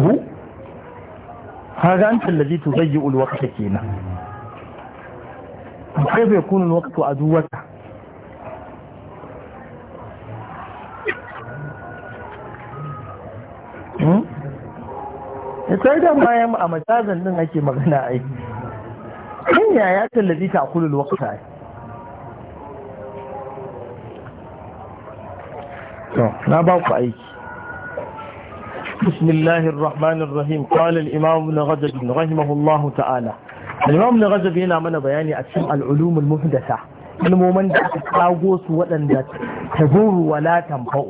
hu هذا أنت الذي تضيء الوقت فينا كيف يكون الوقت عدوك sai da bayan a matazan din ake magana ai hanya ya tallafi ta kulul waqta ai to na ba ku aiki بسم الله الرحمن الرحيم قال الإمام ابن رجب رحمه الله تعالى الإمام ابن رجب هنا من بياني أتشم العلوم المحدثة المومن دا تقاوس ودن دا تزور ولا تنفع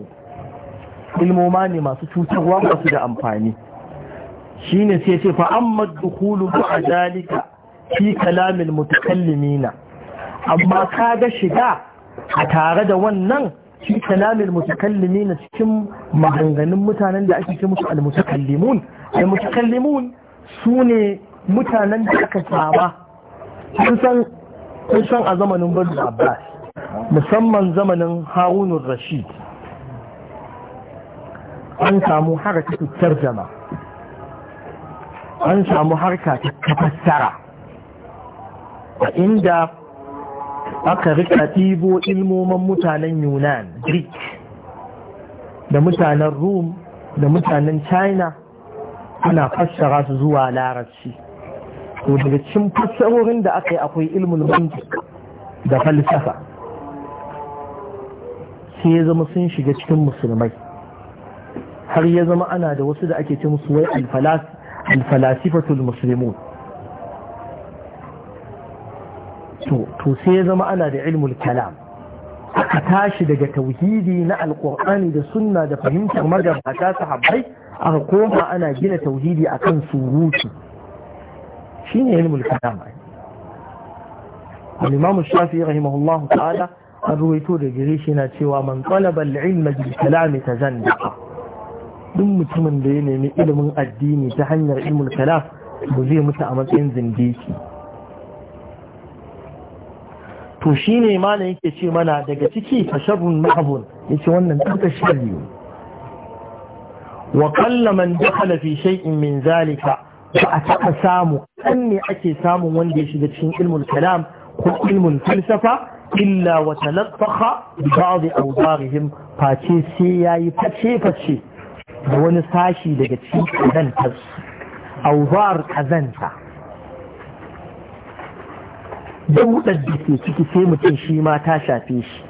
المومان ما ستوتر وما سدى أمفاني شين سيسي فأما الدخول مع ذلك في كلام المتكلمين أما كاد شداء أتارد ونن shi kalamin mutakallim ne na cikin mahanganin mutanen da ake ce musu al-mutakallimun ai mutakallimun su ne mutanen da aka saba kun san a zamanin bin abbas musamman zamanin harunur rashid an samu harka ta tarjama an samu harka ta fassara inda aka rika ɗibo ilmoman mutanen yunan greek da mutanen rum da mutanen china ana fassara su zuwa larabci to daga cikin fassarorin da aka yi akwai ilmul mantik da falsafa sai ya zama sun shiga cikin musulmai har ya zama ana da wasu da ake ce musu wai alfalasifatul musulmai. to sai ya zama ana da ilmul kalam aka tashi daga tauhidi na alkur'ani da sunna da fahimtar magabata sahabbai aka koma ana gina tauhidi akan surutu ne ilmul kalam al-imam shafi'i rahimahullahu ta'ala an ruwaito da gare shi na cewa man talaba al-ilma bil duk mutumin da ya nemi ilimin addini ta hanyar ilmul kalam ba zai mutu a matsayin zindiki to shi ne mana yake ce mana daga ciki tasharrun ma'abun ya ce wannan duka sharri wa kalla man dakhala fi shay'in min zalika ba a taɓa samu ɗan ne ake samun wanda ya shiga cikin ilmul kalam ko ilmul falsafa illa wa talaffaka bi ba'd awdarihim face sai yayi face face da wani sashi daga cikin kadantar awdar kazanta dauɗar da ke ciki sai mutum shi ma ta shafe shi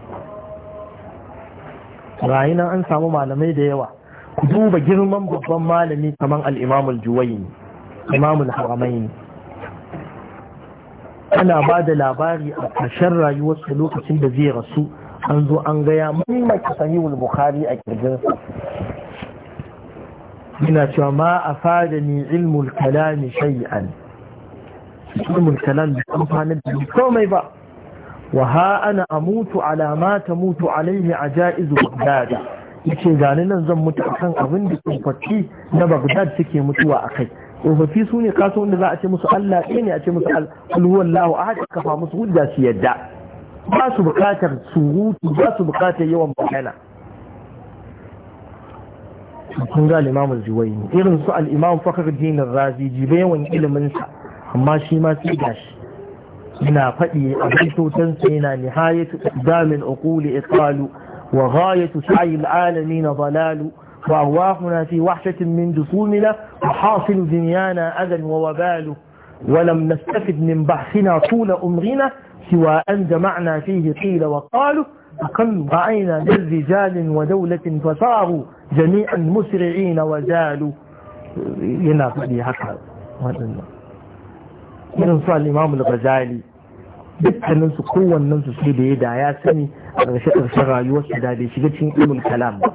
rayu nan an samu malamai da yawa ku duba girman babban malami kamar al'imamul juwayi imamul haramai ana ba da labari a ƙarshen rayuwarsa lokacin da zai rasu an zo an gaya mamaki sahihul bukhari a kirjinsa Ina cewa ma a fada ni ilmul kalami shay'an ilmul kalam bi amfanin da komai ba wa ha ana amutu ala ma mutu alaihi Ja'izu bagdad yace gani nan zan mutu akan abin da tsofaffi na bagdad suke mutuwa a kai. tsofaffi su ne kaso wanda za a ce musu Allah ɗaya ne a ce musu alhuwallahu a haka kafa musu hujja su yadda ba su bukatar surutu ba su bukatar yawan magana kun ga limamin zuwai irin su al'imam fakar dinin razi jibe yawan iliminsa amma shi ma sai gashi ina faɗi a baitotan sai na nihayatu damin aquli iqalu wa ghayatu sa'i alalamin dalalu wa arwahuna fi wahshatin min jusumina wa hasil dunyana adan wa wabalu wa lam nastafid min ولم نستفد من بحثنا طول أمرنا سوى أن جمعنا فيه قيل وقالوا wa dawlatin fasaru jami'an musri'ina wa جميعا مسرعين وزالوا haka حقا irin su al'imamu imam al-ghazali dukkanin su kowannen su sai da ya da sani a ƙarshe ƙarshen rayuwar su da bai shiga cikin ilmin kalam ba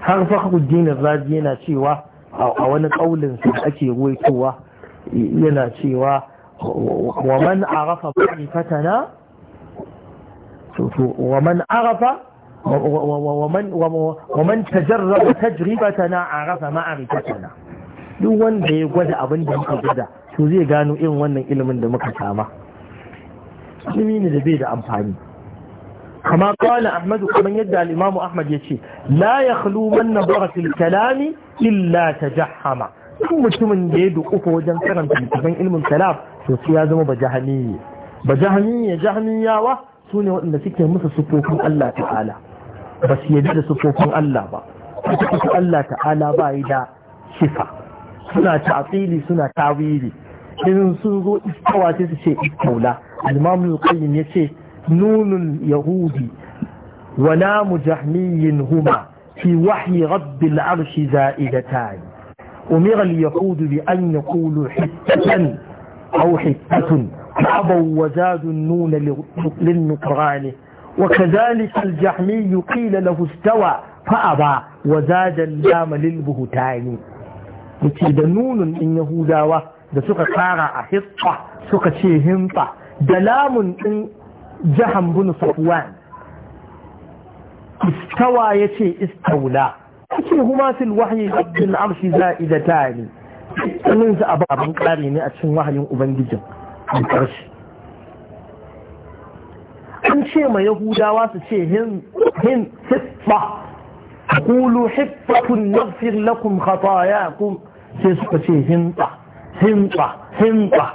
har fakhruddin razi yana cewa a wani kaulin sa da ake ruwaitowa yana cewa wa man arafa ma'rifatana wa man arafa wa man tajarraba tajribatana arafa na? duk wanda ya gwada abin da muka gwada to zai gano irin wannan ilimin da muka sama ilimi ne da bai da amfani kama kawai ahmadu kamar yadda al'imamu ahmad ya ce la ya khlu man nazara fil kalami illa jahama. duk mutumin da ya dukufa wajen karanta littafin ilmin kalam to ya zama Ba bajahaniye jahaniyawa su ne waɗanda suke musu sufofin Allah ta'ala ba su yadda da sufofin Allah ba suka Allah ta'ala ba yi da shifa suna ta'asili suna tawili in sun zo istawa sai su ce istaula al-imam ya ce nunun yahudi wa la mujahmiyin huma fi wahyi rabbil arshi za'idatan umira al-yahud bi an yaqulu hittan aw hittatun abaw wa wa zadu an-nun فأبوا وزادوا النون للنكران وكذلك الجحمي قيل له استوى فأبى وزاد اللام للبهتان يتي نون إن yahudawa da suka kara a hitsa suka ce himfa da lamun ɗin jahan bin safuwan istawa ya ce istaula ake huma fil a abdul arshi ne sanin su ababen kare ne a cikin wahayin ubangijin a ƙarshe an ce ma yahudawa su ce hin hin hitsa قولوا حفة kun? Sai suka ce هنطة هنطة هنطة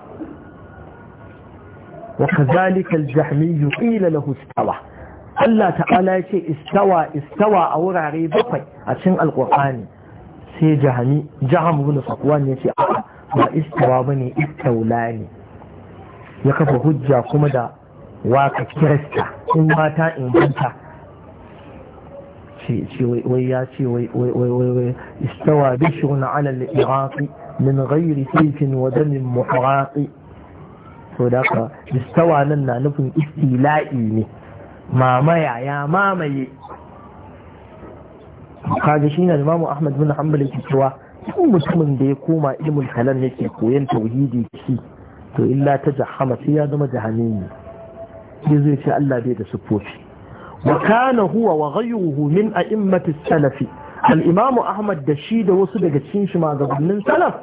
وكذلك الجحمي قيل له استوى الله تعالى يقول استوى استوى أو رعي بقي عشان القرآن سي جهمي جهم بن صفوان يقول آه ما استوى بني استولاني يقف هجة قمدا واقع كرستا إن ماتا إن بنتا شي شي وي وي شي وي وي وي استوى بشر على العراق من غير سيف ودم محراق صدق استوى لنا نفن استيلائي mamaya ya mamaye kaga shi ne imamu ahmad bin hanbal yake cewa duk mutumin da ya koma ilmul kalam yake koyan tauhidi shi to illa ta jahama sai ya zama jahannami sai zai ce Allah bai da sufofi wa kana huwa wa ghayruhu min a'immati salafi al'imamu ahmad da shi da wasu daga cikin shi magabannin salaf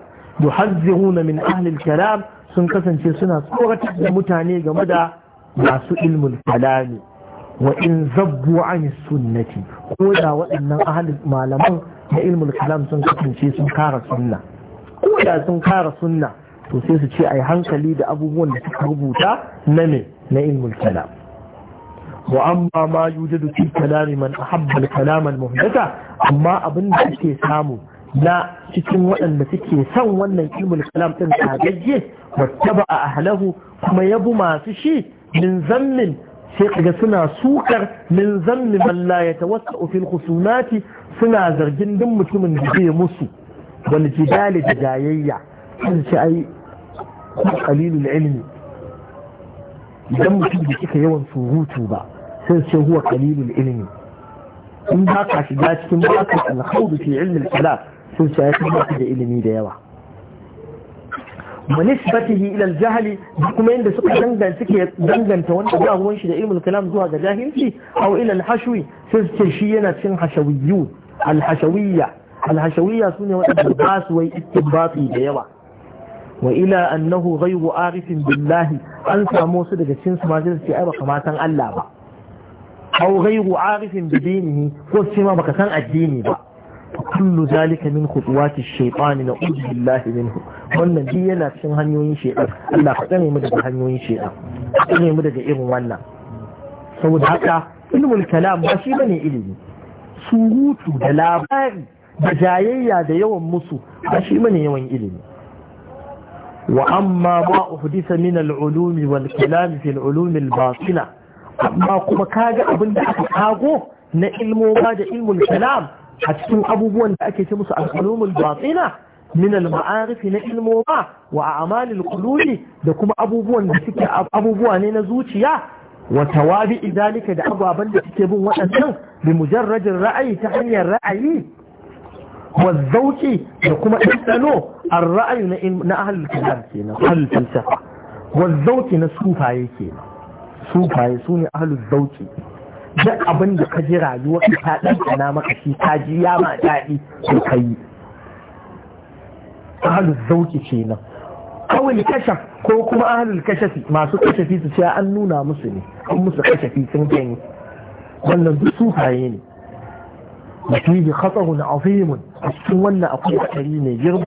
yuhazziruna min ahlil kalam sun kasance suna tsoratar da mutane game da masu ilmul kalami wa in zabbu an sunnati ko da waɗannan ahalin malaman na ilmul kalam sun kasance sun kara sunna ko da sun kara sunna sosai su ce yi hankali da abubuwan da suka rubuta na ne na ilmul kalam وأما ما يوجد في كلام من أحب الكلام المهدثة أما أبن تكي سامو لا تكن وأن تكي سام وأن علم الكلام تنتاجيه واتبع أهله كما يبو ما تشي من ذنب سيقى سنا سوكر من ذنب من لا يتوسع في الخصومات سنا زرجن دم من جدي مسو والجدال دجايية أي قليل العلم idan mutum da kika yawan surutu ba sai huwa qalilul ilimi in haka ka shiga cikin bakin alhaudu fi ilmin kala sun ce ya da ilimi da yawa manisbatihi ila jahali kuma yadda suka danganta suke danganta wanda ba ruwan shi da ilmin kalam zuwa ga jahilci aw ila alhashwi sai ce shi yana cin hashawiyyu alhashawiyya alhashawiyya sune wadanda ba su wai ittibati da yawa wa ila annahu ghayru arifin billahi an samu su daga cikin su ma sai ai ba kamatan Allah ba aw ghayru arifin bi dinihi ko sai ma baka san addini ba kullu zalika min khutuwati shaytan na billahi minhu wannan yana cikin hanyoyin shaytan Allah ka tsare mu daga hanyoyin shaytan tsare mu daga irin wannan saboda haka ilmul kalam ba shi bane ilimi surutu da labari da jayayya da yawan musu ba shi bane yawan ilimi wa amma ba uhdisa min al-ulumi wal kalam fi al-ulumi al amma kuma kaga abin da aka kago na ilmoma da ilmul kalam a cikin abubuwan da ake ce musu al-ulumul batina min al-ma'arif na ilmoma wa a'malil da kuma abubuwan da suke abubuwa ne na zuciya wa tawabi zalika da ababan da suke bin waɗannan bi mujarrajin ra'ayi ta hanyar ra'ayi wa zauki da kuma ɗanɗano an ra'ayi na ahlul kalam kenan ahlul falsafa wa zauki na sufaye kenan sufaye su ne ahalin zauki duk abinda ka ji rayuwa ta ɗan ana maka shi ta ji ya daɗi ko ka yi ahalin zauki ce kawai kasha ko kuma ahalin kashafi masu kashafi su ce an nuna musu ne an musu kashafi sun gani wannan duk sufaye ne mafi khatarun azimun a cikin wannan akwai hatsari mai girma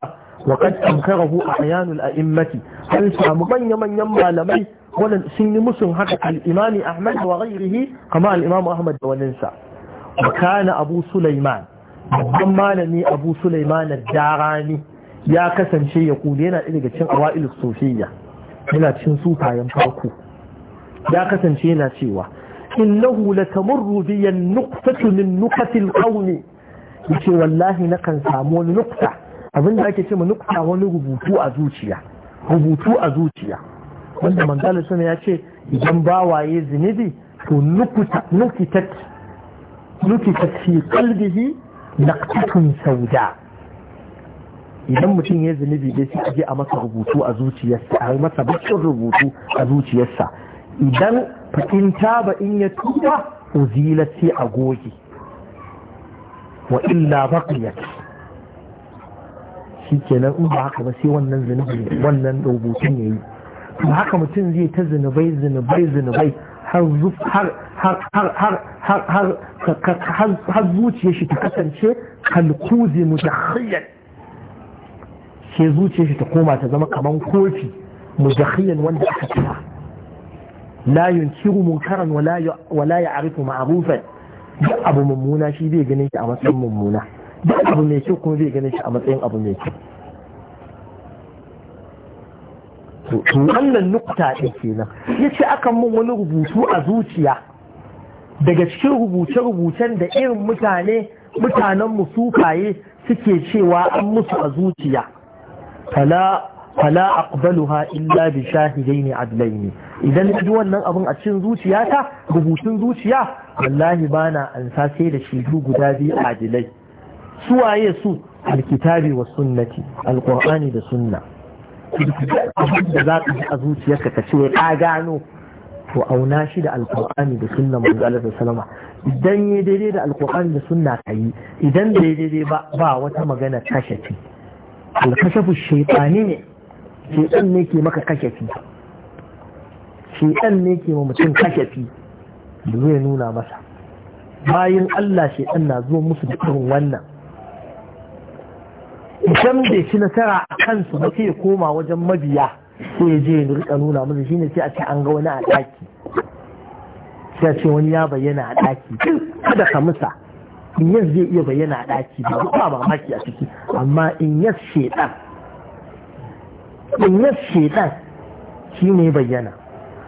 wa kan tankarahu a ayanul a'immati hal samu manya manyan malamai wannan sun yi musun haka al-imami ahmad wa ghairihi kama al ahmad da waninsa wa kana abu sulaiman babban malami abu sulaiman na darani ya kasance ya kula yana daga cin awail sufiyya yana cikin sufayen farko ya kasance yana cewa innahu latamurru bi an-nuqtatu min nuqati al yace wallahi nakan samu wani nukta abinda ake ce ma nukta wani rubutu a zuciya rubutu a zuciya wanda manzala suna ya ce idan bawaye zunubi to nukitat fi kalbihi naqtatun sauda idan mutum ya zunubi dai sai aje a masa rubutu a zuciyarsa a masa bakin rubutu a zuciyarsa idan fatin taba in ya tuba uzilat sai a goge wa illa baqiyat shikenan in ba haka ba sai wannan zunubi wannan rubutun yayi Da haka mutum zai ta zinubai zinubai zinubai har zuciya shi ta kasance kalkuzi hanyar ke zuciya shi ta koma ta zama kamar kofi hanyar wanda aka kira Layun yunkiru munkaran wala ya'rifu ma'rufan duk abu mummuna shi zai ganin shi a matsayin mummuna duk abu mai kyau kuma zai ganin shi a matsayin abu mai kyau to wannan nukta ɗin kenan ya ce akan mun wani rubutu a zuciya daga cikin rubuce-rubucen da irin mutane mutanen sufaye suke cewa an musu a zuciya fala aqbaluha illa bi shahidaini adlaini idan na ji wannan abin a cikin zuciyata rubutun zuciya wallahi bana an sai da shaidu guda biyu adilai suwaye su alkitabi wa sunnati alqur'ani da sunna da za ka ji a zuciyarka ka ce ka gano to auna shi da alkur'ani da sunna manzo Allah sallama idan ya daidai da alkur'ani da sunna kai idan bai daidai ba ba wata magana kashafi alkashafu shaytani ne shaytan ne ke maka kashafi shaytan ne ke ma mutum kashafi da zai nuna masa bayan Allah shaytan na zo musu da irin wannan idan bai ci nasara a kansu ba sai ya koma wajen mabiya sai ya je ya nuna musu shine sai a ce an ga wani a ɗaki sai a ce wani ya bayyana a ɗaki kada ka musa in yas zai iya bayyana a ɗaki ba ba mamaki a ciki amma in yas shedan in yas shedan shi ne bayyana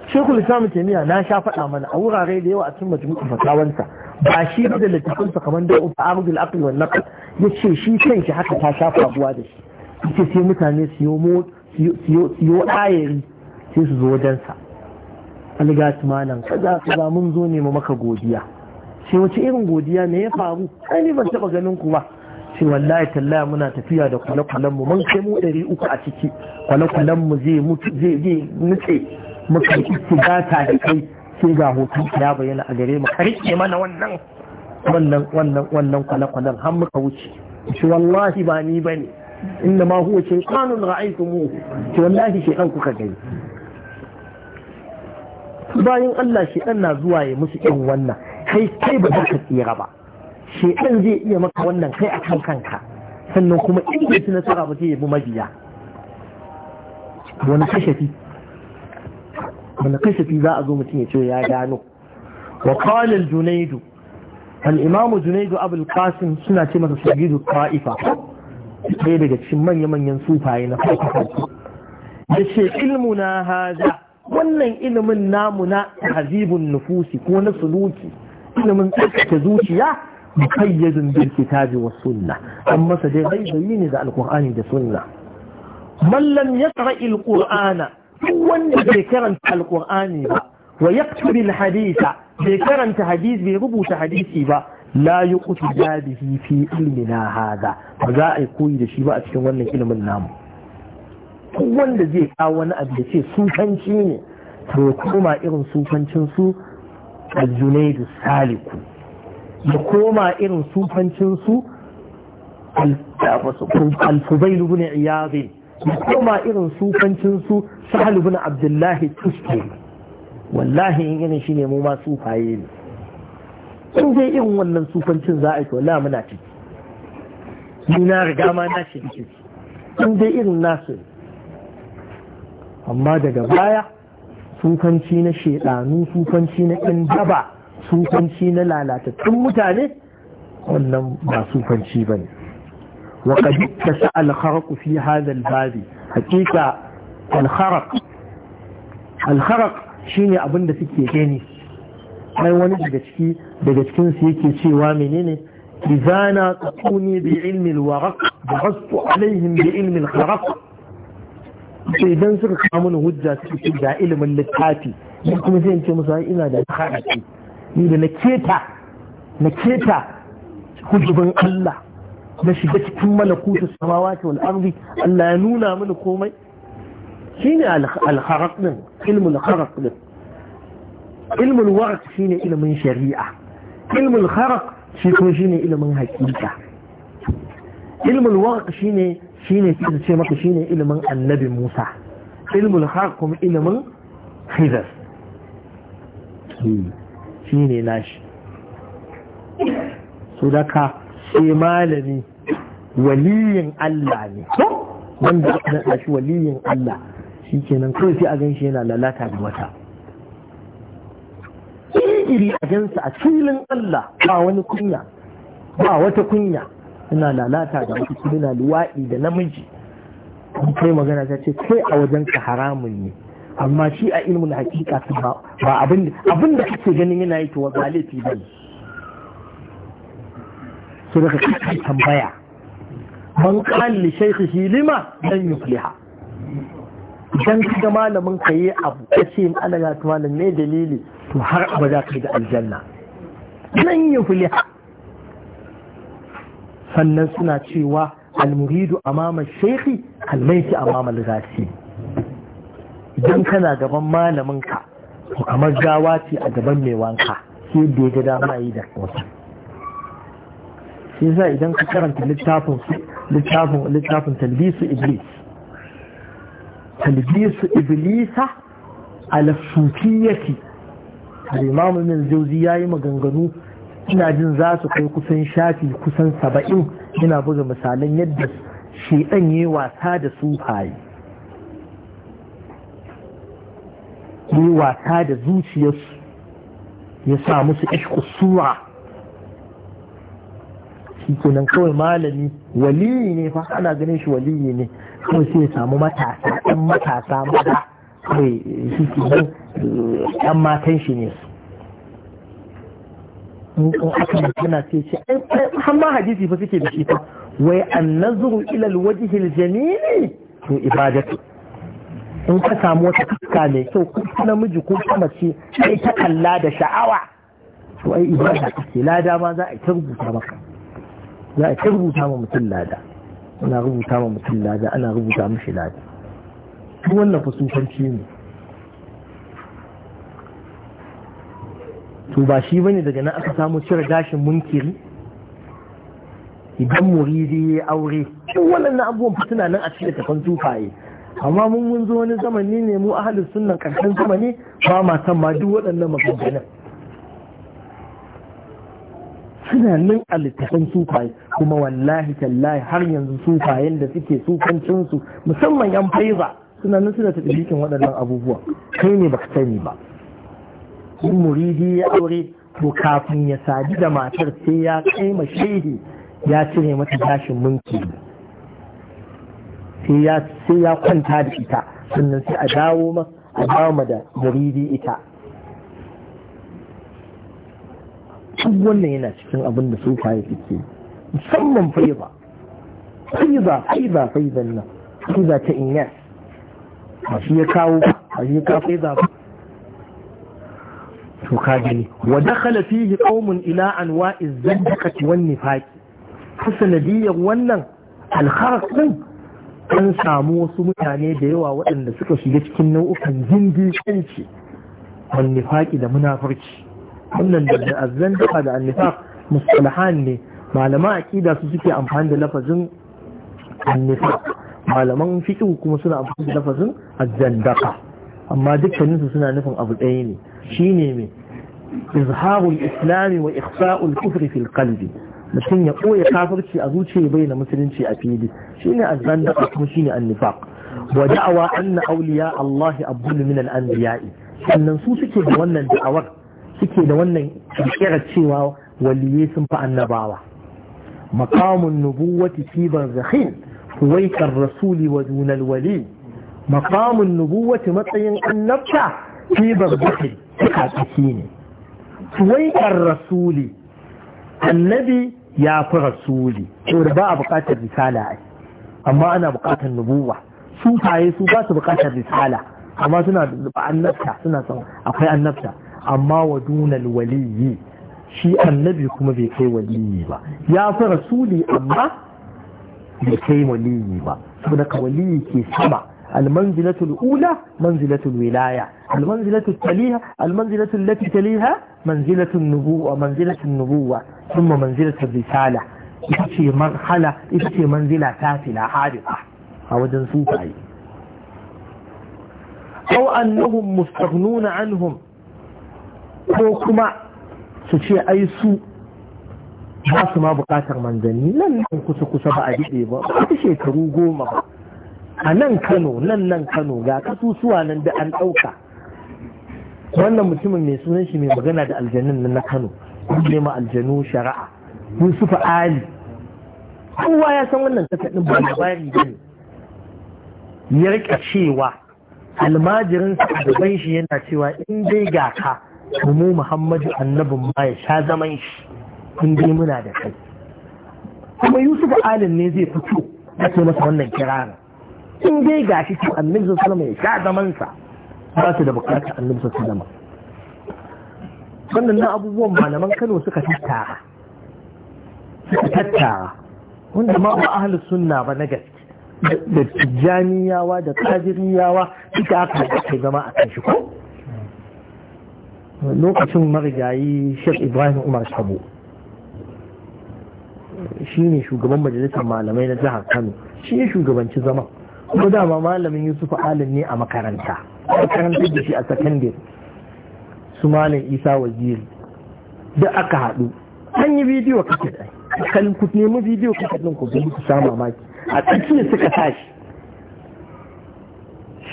shekul islam taimiyya na sha faɗa mana a wurare da yawa a cikin majmu'in fatawansa ba shi ba da littafinsa kamar da ufa arudul aqli wal naql yace shi kanshi haka ta shafa faruwa da shi yace sai mutane su yo su yo ayari sai su zo wajen sa algati malam kaza kaza mun zo ne mu maka godiya sai wace irin godiya ne ya faru ai ni ban taba ganin ku ba sai wallahi tallahi muna tafiya da kwale mu mun kai mu uku a ciki kwale mu zai mutu zai zai nutse muka gata da kai sai ga hoto ya bayyana a gare mu ka rike mana wannan wannan wannan wannan kwale-kwalen har muka wuce shi wallahi ba ni ba ne inda ma huwa shaitanun mu shi wallahi ɗan kuka gani bayan Allah ɗan na zuwa ya musu irin wannan kai kai ba ka tsira ba ɗan zai iya maka wannan kai akan kanka sannan kuma in bai ci nasara ba zai yi bi mabiya wani kashafi wani kashafi za a zo mutum ya ce ya gano wa qalil junaidu al imamu junaidu abul qasim suna ce masa sagidu qa'ifa ɗaya daga cikin manya-manyan sufaye na farko da ce ilmu na haza wannan ilimin namu na hazibun nufusi ko na suluki ilimin tsarkake zuciya mukayyadun bil kitabi wa sunna an masa dai bai ne da alkur'ani da sunna man lam yaqra alqur'ana duk wanda bai karanta alkur'ani ba wa yaktubi hadisa bai karanta hadisi bai rubuta hadisi ba la yuqtu bihi fi ilmina hada ba za a yi koyi da shi ba a cikin wannan ilimin namu duk wanda zai kawo wani abu da ce sufanci ne to koma irin sufancin su al-junaidu saliku ya koma irin sufancin su al-fubail bin iyadh su koma irin sufancin su sahal ibn abdullahi tuske wallahi in irin shine mu ma sufaye ne in dai irin wannan sufancin za a yi wallahi muna ci ni na riga ma na shi ciki in dai irin nasu amma daga baya sufanci na shedanu sufanci na ɗan daba sufanci na lalatattun mutane wannan ba sufanci ba wa qad tasal kharaq fi hadha al-babi hakika al-kharaq al-kharaq shine abin da suke gani mai wani daga ciki daga cikin yake cewa menene izana tsakuni bi ilmi al-waraq da rastu alaihim bi ilmi al-kharaq sai idan suka kawo mana hujja su ce da ilimin littafi ni kuma sai ce musu da na keta na keta hujubin Allah na shiga cikin malakutu samawati wal ardi Allah ya nuna mana komai shine al-kharaq din ilmul kharaq din ilmul warq shine ilmin shari'a ilmul kharaq shi ko shine ilmin hakika ilmul warq shine shine kike ce maka shine ilmin annabi Musa ilmul kharaq kuma ilmin Khidr shine nashi so sai malami waliyin Allah ne wanda aka naɗa shi waliyin Allah shi kenan kawai sai a gan shi yana lalata da wata iri a gansa a filin Allah ba wani kunya ba wata kunya suna lalata da wata suna luwaɗi da namiji an kai magana ta ce kai a wajen ka haramun ne amma shi a ilmin hakika ba abin da kake ganin yana yi to ba laifi ba ne so daga kake tambaya man qala li shaykhihi lima dan yufliha idan kaga malamin ka yi abu kace in ana ga malam ne dalili to har abada ka da aljanna dan yufliha sannan suna cewa almuridu amama shaykhi kalmaiti amama al idan kana gaban malamin ka to kamar gawa ce a gaban mai wanka sai da ya ga dama yi da wasu shi idan ka karanta littafin su littafin littafin talbisu iblis talbisu iblisa ala sufiyyati al-imam ibn jawzi yayi maganganu ina jin za su kai kusan shafi kusan saba'in ina buga misalan yadda shi yi wasa da sufaye yi wasa da zuciyarsu ya sa musu ishku suwa. shi kenan kawai malami waliyi ne fa ana ganin shi waliyi ne ko sai ya samu matasa ɗan matasa maza kawai shi eh, ɗan matan shi ne in aka magana sai ce har ma hadisi fa suke da shi fa wai an nazuru ila alwajhi aljamili to ibadatu in ka samu wata fuska mai kyau ko namiji ko mace sai ta kalla da sha'awa to ai ibada kake lada ma za a ta rubuta maka za a ta rubuta ma mutum lada ana rubuta ma mutum lada ana rubuta mashi lada duk wannan fasufanci ne to ba shi bane daga nan aka samu cire gashin munkiri idan muridi ya aure duk wannan abubuwan fitina nan a cikin tafan tufaye amma mun mun zo wani zamani ne mu ahalin sunnan karshen zamani ba ma san ma duk waɗannan maganganun suna nan a littafin sufaye kuma wallahi tallahi har yanzu sufayen da suke sufancinsu musamman yan faiza suna nan suna waɗannan abubuwa kai ne baka sani ba in muridi ya aure to kafin ya sadi da matar sai ya kai ma shehi ya cire mata tashin mulki sai ya kwanta da ita sannan sai a dawo ma da muridi ita duk wannan yana cikin abin da sufaye suke musamman faiza faiza faiza faiza nan faiza ta inyar a shi ya kawo ba shi ya kawo faiza ba to ka gani wa dakhala fihi qaumun ila anwa'i zandaqati wan nifaq biyan wannan alkharq din an samu wasu mutane da yawa waɗanda suka shiga cikin nau'ukan zindiƙanci wani faƙi da munafurci wannan da azzandaka da annifaq mustalahan ne malama aqida su suke amfani da lafazin annifaq malaman fiqh kuma suna amfani da lafazin azzandaka amma dukkanin su suna nufin abu ɗaya ne shine me izharul islami wa ikhfa'ul kufri fil qalbi mutum ya ɓoye kafirci a zuciya bai na musulunci a fili shine azzandaka kuma shine annifaq wa da'awa anna awliya Allah abdul min al-anbiya'i sannan su suke da wannan da'awar suke da wannan kira cewa waliye sun fi annabawa maqamun nubuwati fi barzakhin huwaikar rasuli wa dunal wali maqamun nubuwati matsayin annabta fi barzakhin kakaki ne huwaikar rasuli annabi ya fi rasuli saboda ba a buƙatar risala amma ana buƙatar nubuwa su su ba su buƙatar risala amma suna annabta suna son akwai annabta amma wa waliyyi shi annabi kuma bai kai waliyi ba ya fi rasuli amma bai kai waliyi ba saboda ka waliyi ke sama almanzilatul ula manzilatul wilaya almanzilatul taliha almanzilatul lati taliha manzilatul nubuwa manzilatul nubuwa kuma manzilatul risala ita ce marhala ita ce manzila ta fila harika a wajen sufaye أو أنهم مستغنون عنهم ko kuma su ce ai su ba su ma bukatar manzanni nan nan kusa kusa ba a daɗe ba ba shekaru goma ba a nan kano nan nan kano ga kasusuwa nan da an ɗauka wannan mutumin mai sunan shi mai magana da aljanun na kano ne ma aljanu shari'a yusufu ali kowa ya san wannan takardun ba labari ba ne ya rika cewa almajirin sa gaban shi yana cewa in dai ga ka mu muhammadu annabin ma ya sha zaman shi in dai muna da kai kuma yusuf alin ne zai fito ya ce masa wannan kirarin in dai gashi ce annabi sallallahu alaihi ya sha zaman sa ba su da bukata annabi sallallahu alaihi wannan abubuwan malaman Kano suka tattara suka tattara wanda ma ba ahlus sunna ba na gaske da tijjaniyawa da tajiriyawa suka aka kai zama a kan shi ko lokacin marigayi shek ibrahim umar sabo shi ne shugaban majalisar malamai na jihar kano shi ne shugabanci zama ko dama malamin yusuf alim ne a makaranta makarantar da shi a sakandare su malam isa waziri da aka haɗu an yi bidiyo kake ɗai kalin ku nemi bidiyo kake ɗin ku ku sama mamaki a tsakiyar suka tashi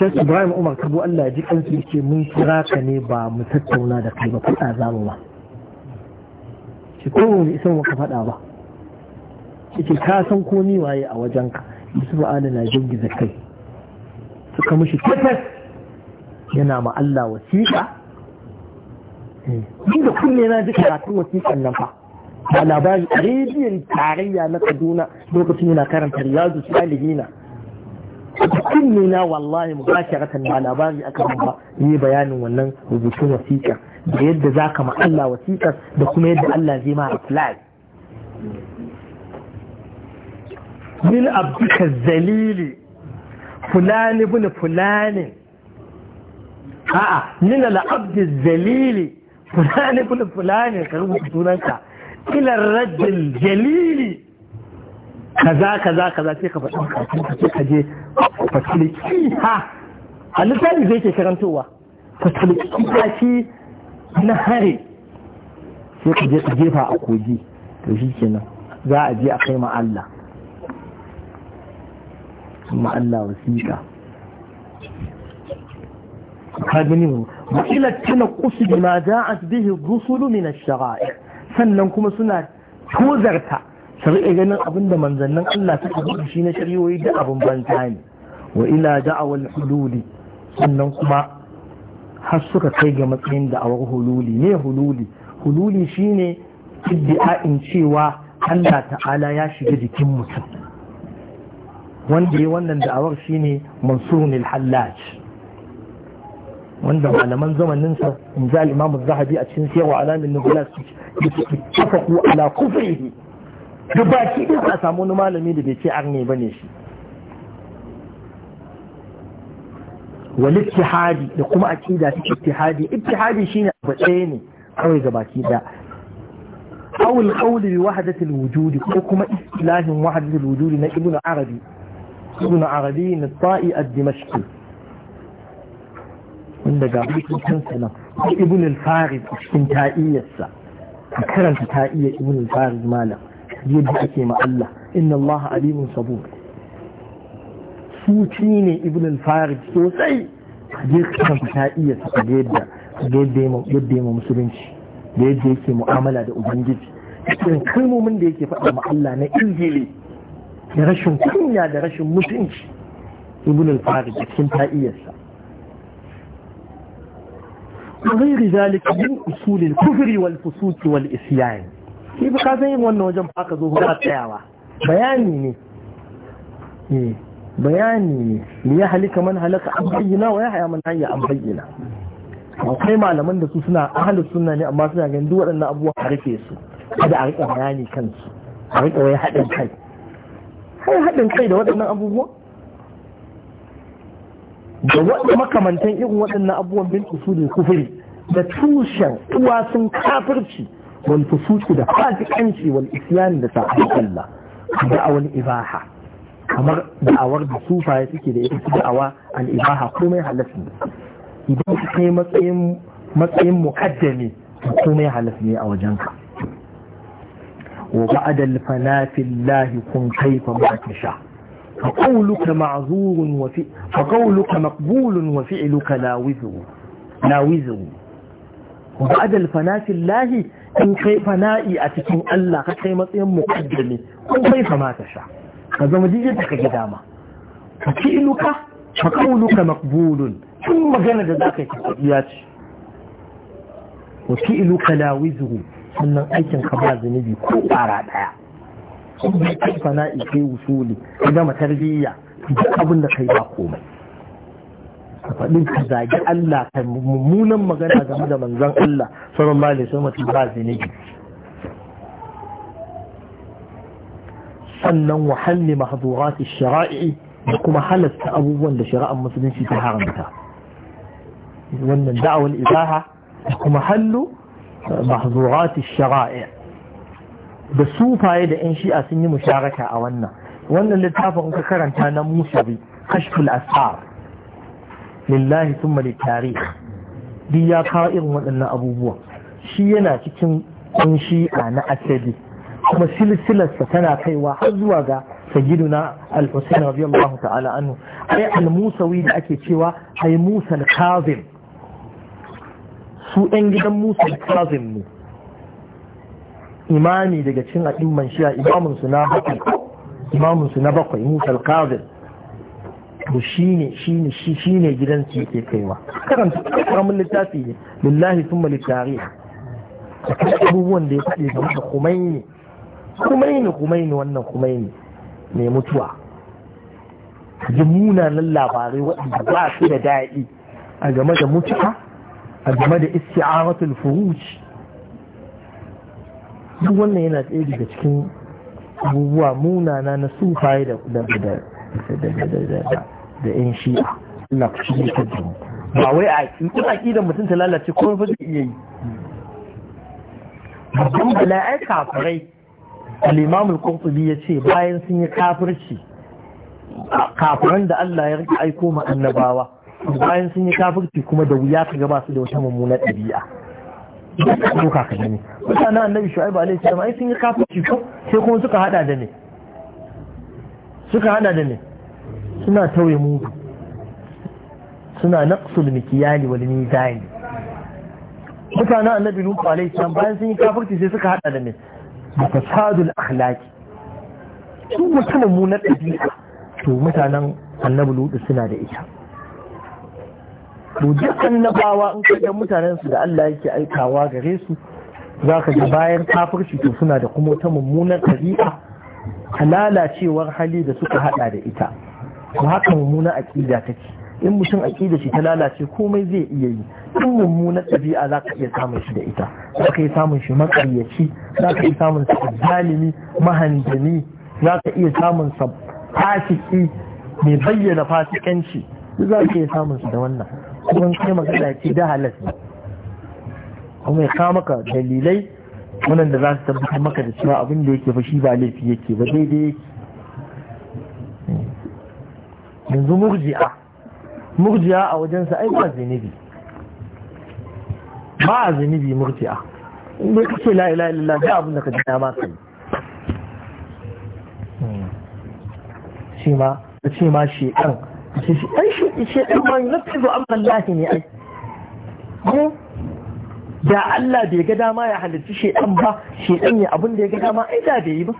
Shek Ibrahim Umar Kabo Allah ji kansu yake mun kira ka ne ba mu tattauna da kai ba faɗa za mu ba. Shi ko mu isa faɗa ba. Yake ka san ko ni waye a wajen ka. Yusuf Ali na jingiza kai. Suka mishi tatas yana ma Allah wasiƙa. Eh, ni da kunne na ji karatun wasiƙan nan fa. A labarin rediyon tarayya na Kaduna lokacin yana karanta Riyadu Salihina. kunni na wallahi mu gashi ratan ba labari aka ba yi bayanin wannan rubutun wasiƙa da yadda za ka ma Allah wasiƙa da kuma yadda Allah zai ma apply min abdika zalili fulani bin fulani a'a min al-abdi zalili fulani bin fulani ka rubuta sunanka ila rajul jalili kaza kaza kaza sai ka faɗi kafin ka ka je fatiliki ha a littafi zai ke karantowa fatiliki ta ce na hare sai ka je ka jefa a kogi to shi kenan za a je a kai ma Allah ma Allah wasiƙa ka gani mu وإلى التنقص بما جاءت به الرسل من الشرائع sannan kuma suna tozarta sarƙe ganin abin da manzannin Allah suka gudu shi na shari'o'i da abin banta ne wa ila da'awal hululi sannan kuma har suka kai ga matsayin da'awar hululi ne hululi hululi shine iddi'a'in cewa Allah ta'ala ya shiga jikin mutum wanda ya wannan da'awar shine mansurun al-hallaj wanda malaman zamanin sa in ji al-imam zahabi a cikin sirru alamin nubula suke kafa ku ala kufrihi duk ba ki duk a samu wani malami da bai ce arne ba ne shi walittihadi da kuma aqida ta ittihadi ittihadi shine abu ɗaya ne kawai gabaki da aw al-qawl bi wahdati al-wujud ko kuma istilahin wahdati al-wujud na ibnu arabi ibnu arabi na ta'i ad-dimashqi inda ga bikin sana ibnu al-farid cikin ta'iyarsa karanta ta'iyar ibnu al-farid malam yadda ake ma Allah inna Allah alimun sabur suci ne ibn al-farid sosai je kan ta iya saka yadda yadda ya musulunci da yadda yake mu'amala da ubangiji cikin kalmomin da yake faɗa ma Allah na injili da rashin kunya da rashin mutunci ibn al-farid cikin ta iyarsa وغير ذلك من أصول الكفر والفسوق والإسيان shi fi ka yin wannan wajen ba ka zo ba tsayawa bayani ne eh, bayani ne ya halika man halaka an bayyana wa ya haya man hanya an bayyana akwai malaman da su suna ahalus suna ne amma suna ganin duk waɗannan abubuwa a rufe su kada a rika bayani kansu a rika wai haɗin kai kai haɗin kai da waɗannan abubuwa da waɗanda makamantan irin waɗannan abubuwan bin usulin kufuri da tushen uwa sun kafirci والفسوق ده قال انشي والاسلام ده صاحب الله ده اول اباحه اما ده اول بصوفه هي تيجي ده اسمه اوا قومي على حلفني يبقى في مقيم مقيم مقدمي كومه حلفني او جنك وبعد الفناء في الله كن كيف ما تشاء فقولك معذور وفي فقولك مقبول وفعلك ناوذ ناوذ ba adal fanafin in kai fana'i a cikin Allah ka kai matsayin muƙaddami kun kai fama ta sha ka zama jijin da kage dama ka ci iluka ka kauluka makbulun tun magana da za ka yi kudiya ce ka ci iluka la wizuru aikin ka ba zunubi ko ƙara ɗaya kun kai fana'i kai wusuli ka gama tarbiyya duk abinda da kai ba komai ka faɗi ka zagi Allah ka mummunan magana game da manzon Allah sallallahu alaihi wasallam ba zinibi sannan wa halli mahdurati shara'i da kuma halasta abubuwan da shari'ar musulunci ta haramta wannan da'awar ibaha da kuma hallu mahdurati shara'i da sufaye da 'yan shi'a sun yi musharaka a wannan wannan littafin ka karanta na musabi kashful asar lillahi sun mali tare duk ya kawo irin waɗannan abubuwa shi yana cikin kunshi a na asali kuma silsilarsa tana kaiwa har zuwa ga sayyiduna al-husayn radiyallahu ta'ala anu ai al-musawi da ake cewa ai musa al-kazim su ɗan gidan musa al-kazim ne imami daga cin a'imman shi'a imaminsu na bakwai musa al-kazim to ne shi ne gidan su yake kaiwa karanta karamin littafi ne tare thumma litarikh abubuwan da ya faɗi game da kumaini, kumaini-kumaini wannan kumaini mai mutuwa ji munanan labarai waɗanda ba su da daɗi a game da mutuwa a game da isti'aratul duk wannan yana tsaye daga cikin abubuwa munana na sufaye da da da da da da yan shi'a Allah ku shi ne ba wai a in da mutum ta lalace kuma fa zai iya yi babban bala'ai kafirai alimamul imamul ya ce bayan sun yi kafirci kafiran da Allah ya rika aiko ma annabawa bayan sun yi kafirci kuma da wuya ka gaba su da wata mummunar ɗabi'a ko kaka ne mutanen annabi shu'aib alaihi salam ai sun yi kafirci ko sai kuma suka hada da ne suka hada da ne suna tauye mudu suna naqsul mikiyali wal mizani mutanen annabi nuhu alaihi salam bayan sun yi kafirci sai suka hada da me fasadul akhlaqi su wata mummunar ɗabi'a to mutanen annabi lutu suna da ita to duk annabawa in ka ga mutanen su da Allah yake aikawa gare su za ka ga bayan kafirci to suna da kuma ta mummunar ɗabi'a halalacewar hali da suka hada da ita ko haka mummuna aƙida take in mutum aƙida shi ta lalace komai zai iya yi in mummuna ɗabi'a za ka iya samun shi da ita za ka iya samun shi maƙaryaci za ka iya samun sa zalimi mahanjani za ka iya samun sa fasiki mai bayyana fasikanci za ka iya samun su da wannan kuma kai magana ce da halas ne kuma ya kawo maka dalilai wannan da za su tabbatar maka da cewa abin da yake fashi ba laifi yake ba daidai yake yanzu murji'a murji'a a wajensa ai ba zinibi, ba a zinibi murji'a in bai ce la ilaha illallah abin da ka jina dama kai hmm. shi ma ce ma shi ɗan ce shi ɗan shi ɗan ma na fi zuwa lahi ne ai ko hmm? da Allah bai ga dama ya halitta shi ɗan ba shi ɗan ya abin da ya ga dama ai da bai yi ba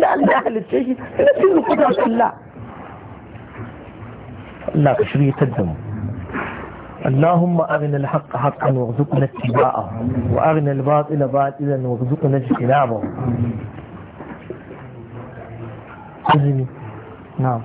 da Allah ya halitta shi na fi zuwa Allah الله كشري تدم اللهم أرنا الحق حقا وارزقنا اتباعه وأرنا الباطل باطلا وارزقنا اجتنابه نعم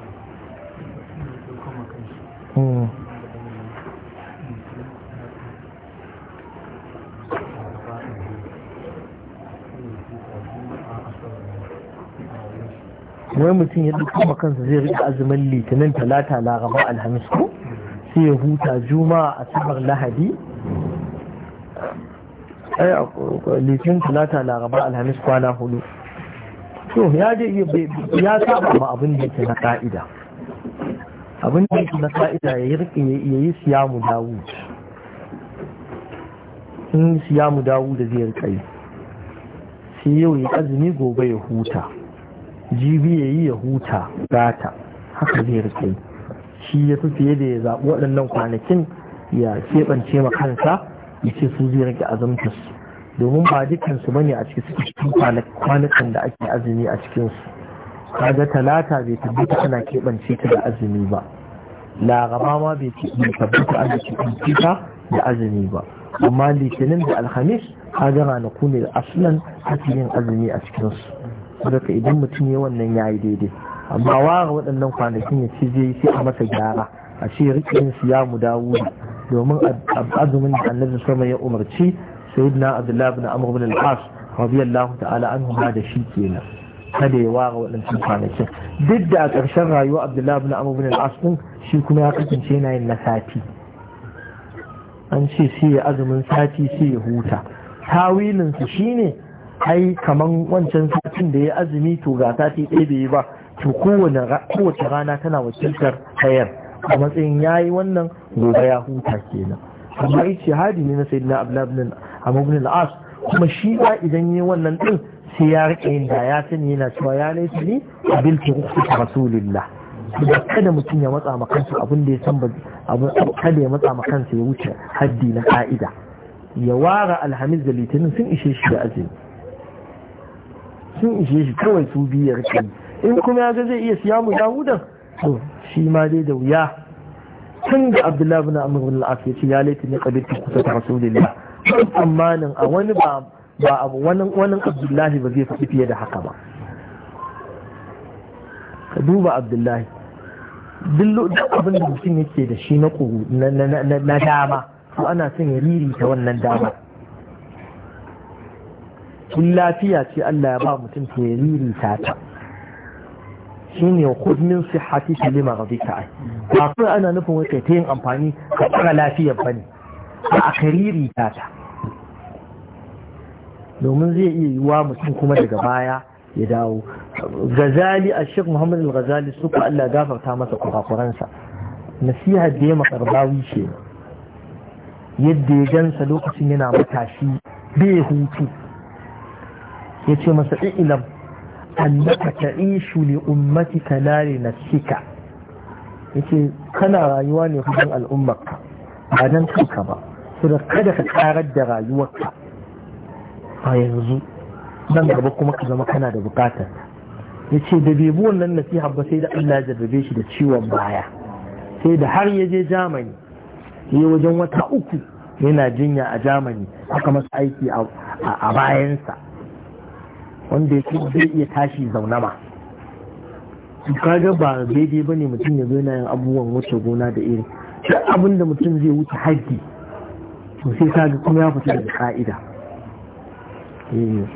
wai mutum ya ma kansa zai rika azumin litinin talata laraba alhamis ko sai ya huta juma'a asabar lahadi ai litinin talata laraba alhamis kwana hudu to ya je ya saba ma abin da yake na ka'ida abin da yake na ka'ida ya yi siyamu dawud in siyamu dawud da zai rika yi sai yau ya azumi gobe ya huta jibi ya yi ya huta gata haka zai rike shi ya fi fiye da ya zaɓi waɗannan kwanakin ya keɓance ma kansa ya ce su zai rike azumtarsu domin ba dukansu bane a cikin cikin kwanukan da ake azumi a cikinsu kaga talata bai tabbata ana keɓance ta da azumi ba laraba ma bai tabbata ana keɓance ta da azumi ba amma litinin da alhamis kaga ranaku ne da aslan ake yin azumi a cikinsu daga idan mutum ya wannan ya yi daidai amma wara waɗannan kwanakin ya ce zai sai a masa gyara a ce rikin su ya mu dawo domin azumin da annabi sama ya umarci sayyidina abdullahi bin amr bin al-as radiyallahu ta'ala anhu ma da shi kenan kada ya wara waɗancan kwanakin duk da a ƙarshen rayuwa abdullahi bin amr bin al-as din shi kuma ya kasance yana yin na sati an ce sai ya azumin sati sai ya huta shi shine ai kaman wancan satin da ya azumi to ga sati ɗaya bai yi ba to kowace rana tana wakiltar hayar a matsayin ya yi wannan gobe ya huta kenan amma ce hadi ne na sai na ablabnin a kuma shi ba idan yi wannan ɗin sai ya rike yin da ya sani yana cewa ya laifi ne a bilki ta rasulillah da kada mutum ya matsa ma kansa abin da ya san kada ya matsa ma kansa ya wuce haddi na ka'ida ya ware alhamis da litinin sun ishe shi da azumi sun ishe shi kawai su biyar kai in kuma ya ga zai iya siya mu dawudan to shi ma dai da wuya tun da abdullahi bin amr bin al-as ya ce ya laifi ne kabilta kusa ta rasulullah ban tsammanin a wani ba ba abu wani wani abdullahi ba zai faɗi fiye da haka ba ka duba abdullahi duk abin da mutum yake da shi na dama to ana son ya ririta wannan dama tun lafiya ce Allah ya ba mutum to ya ririta ta shine khud min sihhati lima ghadika ba ana nufin wata ta yin amfani ka tsara lafiyar bane a kariri ta ta domin zai iya yiwuwa mutum kuma daga baya ya dawo gazali a shek muhammad al-gazali ku Allah gafarta masa kurakuransa nasiha da ya makarbawi ce yadda ya gansa lokacin yana matashi bai hutu ya ce masa ilam annaka ta'ishu li ummatika na li nafsika yace kana rayuwa ne hudun al'ummarka ba dan kanka ba kada ka karar da rayuwarka a yanzu nan gaba kuma ka zama kana da bukatar ya ce da bebu wannan nasiha ba sai da Allah ya jarrabe shi da ciwon baya sai da har ya je Jamani ya wajen wata uku yana jinya a Jamani, aka masa aiki a bayansa wanda ya zai iya tashi zauna ma kaga ba daidai ba ne mutum ya zo yana yin abubuwan wuce gona da iri duk abin da mutum zai wuce haddi to sai kaga kuma ya fita daga ka'ida eh.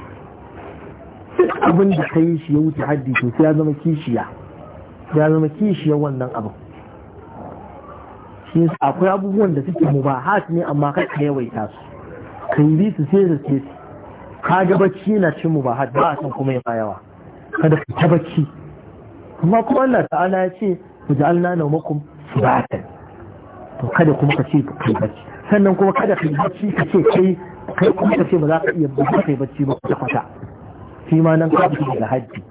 duk abin da ka yi shi ya wuce haddi to sai ya zama kishiya ya zama kishiya wannan abin shi akwai abubuwan da suke mubahat ne amma kai ka yawaita su ka yi su sai da sai ka ga bacci na cin mu ba har ba a san kuma ya yawa kada ka ta bacci kuma kuma Allah ta'ala ya ce ku su ba subatan to kada kuma ka ce kai bacci sannan kuma kada ka yi bacci ka ce kai kai kuma ka ce ba za ka iya ba kai bacci ba kwata kwata shi ma nan ka fita daga haddi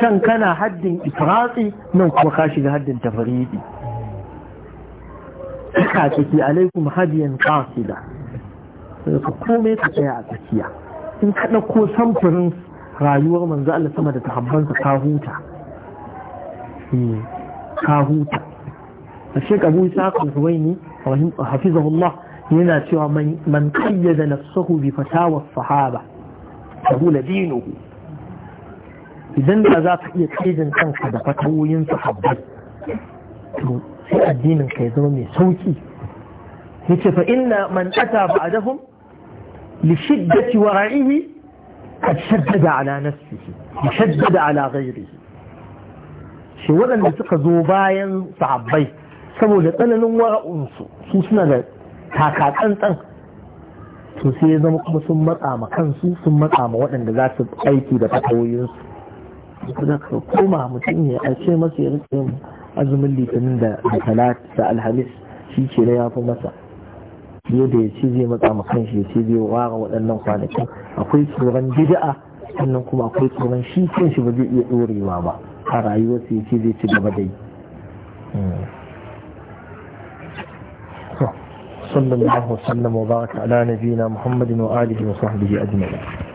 can kana haddin ifratsi nan kuma ka shiga haddin tafaridi ka tsaki alaikum hadiyan qasida ko Kuma ka tsaya a tsakiya in ka ɗauko samfurin rayuwar manzo Allah sama da tahabbansa ka huta eh, ka huta a shek abu isa kan huwaini hafizahullah yana cewa man qayyada nafsahu bi fatawa sahaba fahu ladinuhu idan da za ka iya kaijin kanka da fatawoyin sahabbai to sai addinin ka ya zama mai sauki ce fa inna man ba a ba'dahum لشدة ورعه قد شدد على نفسه شدد على غيره شي ولن يتقى ذوبايا صعبي سبو لقلن وراء أنسو سوسنا ذا تاكا تنتن سوسي إذا مقام ثم مقام كنسو ثم مقام وأن ذا سب أيتي ذا تقوي كما متنهي أشي مسيرك أزم اللي تنين ذا الحلات سأل حديث شي شي ليا فمسا fiye da ya ce zai matsa ma kanshi ya ce zai wara waɗannan kwanakin akwai tsoron gida'a sannan kuma akwai tsoron shi kanshi ba zai iya ɗorewa ba a rayuwarsa ya ce zai ci gaba da yi صلى الله وسلم وبارك على نبينا محمد وآله وصحبه أجمعين